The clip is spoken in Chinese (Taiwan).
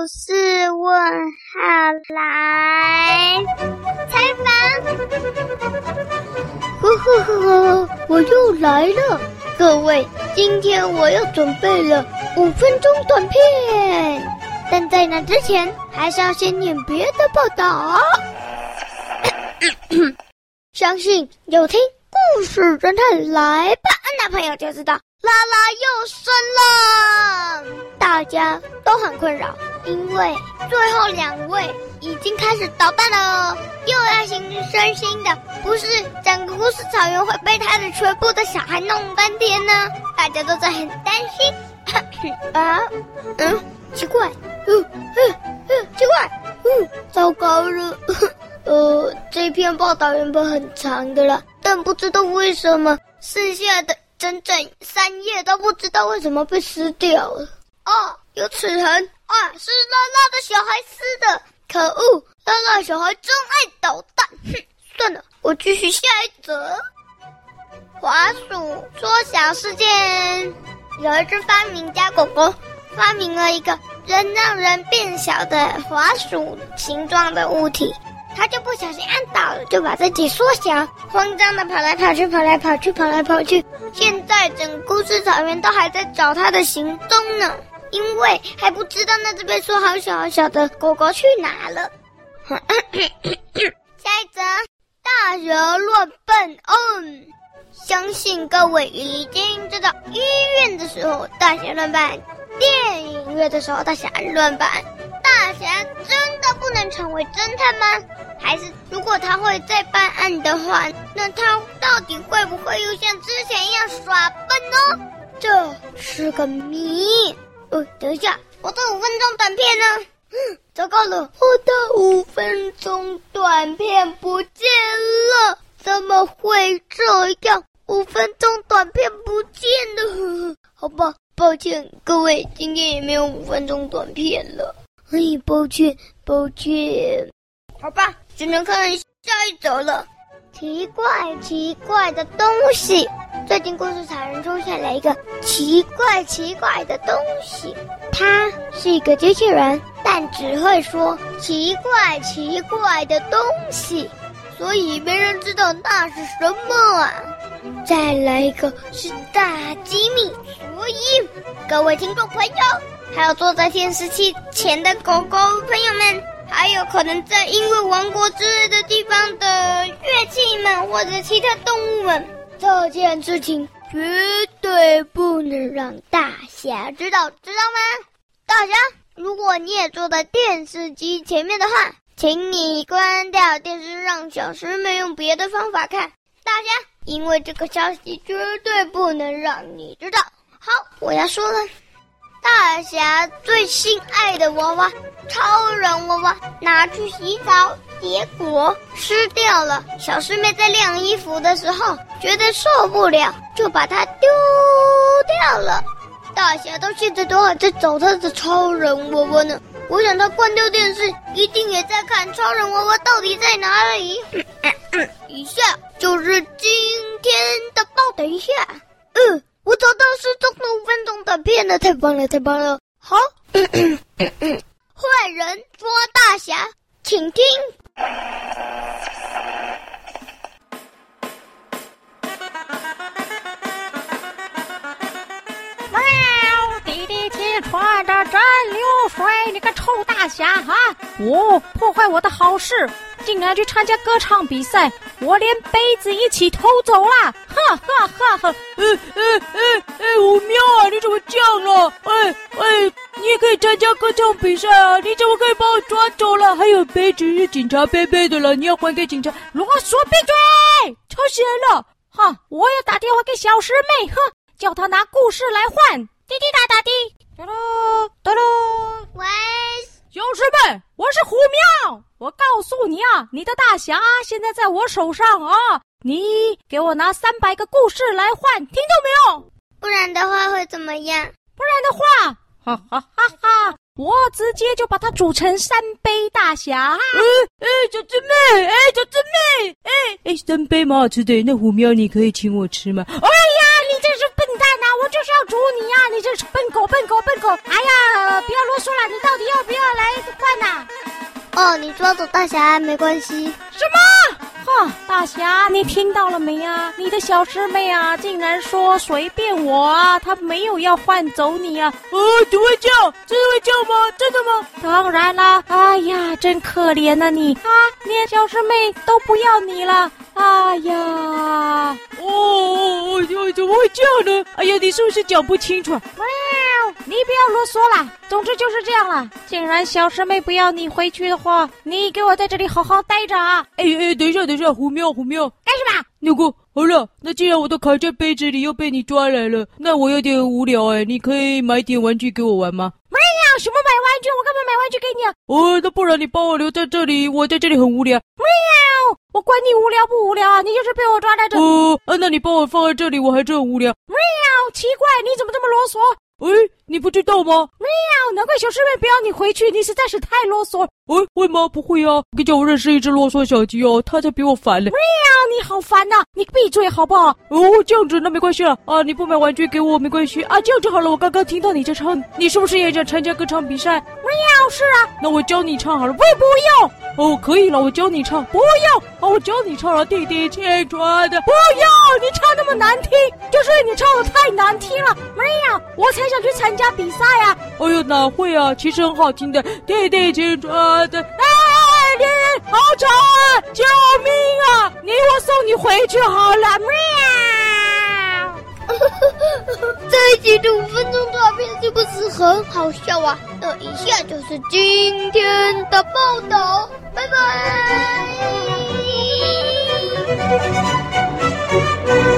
故事問號來採訪，呵呵呵，我又來了。各位，今天我又準備了五分鐘短片，但在那之前，還是要先念別的報道。相信有聽故事偵探來吧，男朋友就知道拉拉又生了，大家都很困擾。因為最後兩位已經開始搗蛋了，哦，又要形身心的，不是整個故事草原會被他的全部的小孩弄翻天呢、啊？大家都在很擔心、啊。啊，嗯，奇怪，嗯嗯嗯，奇怪，嗯，糟糕了，呃，這篇報道原本很長的啦，但不知道為什麼剩下的整整三頁都不知道為什麼被撕掉了。哦，有齒痕。啊、哦！是拉拉的小孩撕的，可惡！拉拉小孩真愛搗蛋。哼，算了，我繼續下一則。滑鼠縮小事件：有一只發明家狗狗，發明了一個能讓人變小的滑鼠形狀的物體，它就不小心按倒了，就把自己縮小，慌張的跑來跑去，跑來跑去，跑來跑去。現在整個故事草原都還在找它的行蹤呢。因為還不知道那隻被說好小好小的狗狗去哪了。 下一則， 大俠亂扮。嗯、哦，相信各位已經知道，醫院的時候大俠亂扮，電影院的時候大俠亂扮。大俠真的不能成為偵探嗎？還是如果他會再辦案的話，那他到底會不會又像之前一樣耍笨呢、哦？這是個謎。呃、哦，等一下，我的五分鐘短片呢、嗯？糟糕了，我的五分鐘短片不見了！怎麼會這樣？五分鐘短片不見了？好吧，抱歉各位，今天也沒有五分鐘短片了。哎，抱歉，抱歉。好吧，只能看下一則了。奇怪奇怪的東西。最近，故事草原出現了一個奇怪奇怪的東西，他是一個機器人，但只會說奇怪奇怪的東西，所以沒人知道那是什麼啊。再來一個是大機密，所以，各位聽眾朋友，還有坐在電視機前的狗狗朋友們，還有可能在音樂王國之類的地方的樂器們或者其他動物們。這件事情絕對不能讓大俠知道，知道嗎？大俠，如果你也坐在電視機前面的話，請你關掉電視，讓小獅妹用別的方法看。大俠，因為這個消息絕對不能讓你知道。好，我要說了，大俠最心愛的娃娃——超人娃娃，拿去洗澡。結果濕掉了。小師妹在晾衣服的時候覺得受不了，就把它丟掉了。大俠到現在都還在找他的超人窩窩呢。我想他關掉電視，一定也在看超人窩窩到底在哪裡。嗯嗯嗯，嗯嗯一下就是今天的報。等一下，嗯，我找到失蹤的五分鐘短片了！太棒了，太棒了！好，嗯嗯嗯。嗯嗯嗯壞人捉大俠，請聽。喵！弟弟，穿着真流水，你個臭大俠哈！我、哦、破壞我的好事，竟然去參加歌唱比賽，我連杯子一起偷走了，呵呵呵呵。哎哎哎哎，虎喵、啊，你怎麼這樣啊？哎、呃、哎！呃你也可以參加歌唱比賽啊！你怎麼可以把我抓走了？還有杯子是警察配備的了，你要還給警察。如果說：“閉嘴！”太險了，哈！我要打電話給小師妹，哼，叫她拿故事來換。滴滴答答滴得嘍，得嘍，喂，小師妹，我是虎喵。我告訴你啊，你的大俠現在在我手上啊，你給我拿三百個故事來換，聽到沒有？不然的話會怎麼樣？不然的話。哈哈哈哈，我直接就把它煮成三杯大俠！哎 哎， 小獅妹，誒，小獅妹誒，小獅妹誒，誒，三杯蠻好吃的，那虎喵你可以請我吃嗎？哎、 哦、呀，你真是笨蛋啊！我就是要煮你呀，啊！你這是笨狗，笨狗，笨狗！哎呀，不要囉嗦了，你到底要不要來一塊呢，啊？哦，你抓走大俠沒關係。 什麼？哦、大俠，你聽到了沒呀、啊？你的小師妹啊，竟然說隨便我，啊，她沒有要換走你啊！哦、怎麼會叫？真的會叫嗎？真的嗎？當然啦！哎呀，真可憐吶、啊、你啊！連小師妹都不要你了！哎呀！哦，哦哦，怎麼會叫呢？哎呀，你是不是講不清楚？你不要囉嗦了，總之就是這樣了。既然小獅妹不要你回去的話，你給我在這裡好好待着啊！哎哎，等一下等一下，虎喵虎喵，喵，幹什麼？牛哥，好了，那既然我都卡在杯子裡又被你抓來了，那我有點無聊哎，你可以買點玩具給我玩嗎？喵，什麼買玩具？我幹嘛買玩具給你啊？哦，那不然你把我留在這裡，我在這裡很無聊。喵，我管你無聊不無聊啊？你就是被我抓在這。哦、啊，那你把我放在這裡，我還真無聊。喵，奇怪，你怎麼這麼囉嗦？喂，你不知道嗎？喵，難怪小師妹不要你回去，你實在是太囉嗦。哎，會嗎？不會呀、啊？別叫我認識一只囉嗦小雞哦，它才比我煩嘞！喵，你好煩吶、啊！你閉嘴好不好？哦，這樣子那沒關係了啊，啊！你不買玩具給我沒關係啊，這樣就好了。我剛剛聽到你在唱，你是不是也想參加歌唱比賽？喵，是啊。那我教你唱好了，喂，不要哦，可以了，我教你唱，不要啊，我教你唱了，弟弟，滴轉的，不要你唱那麼難聽，就是你唱的太難聽了。喵，我才想去參加比賽呀、啊！哎、哦、呦，哪會啊？其實很好聽的，弟弟，滴轉。對哎，獵人好醜啊，救命啊！你我送你回去好了。喵！這 一集的五分鐘照片是不是很好笑啊？等一下就是今天的報道，拜拜。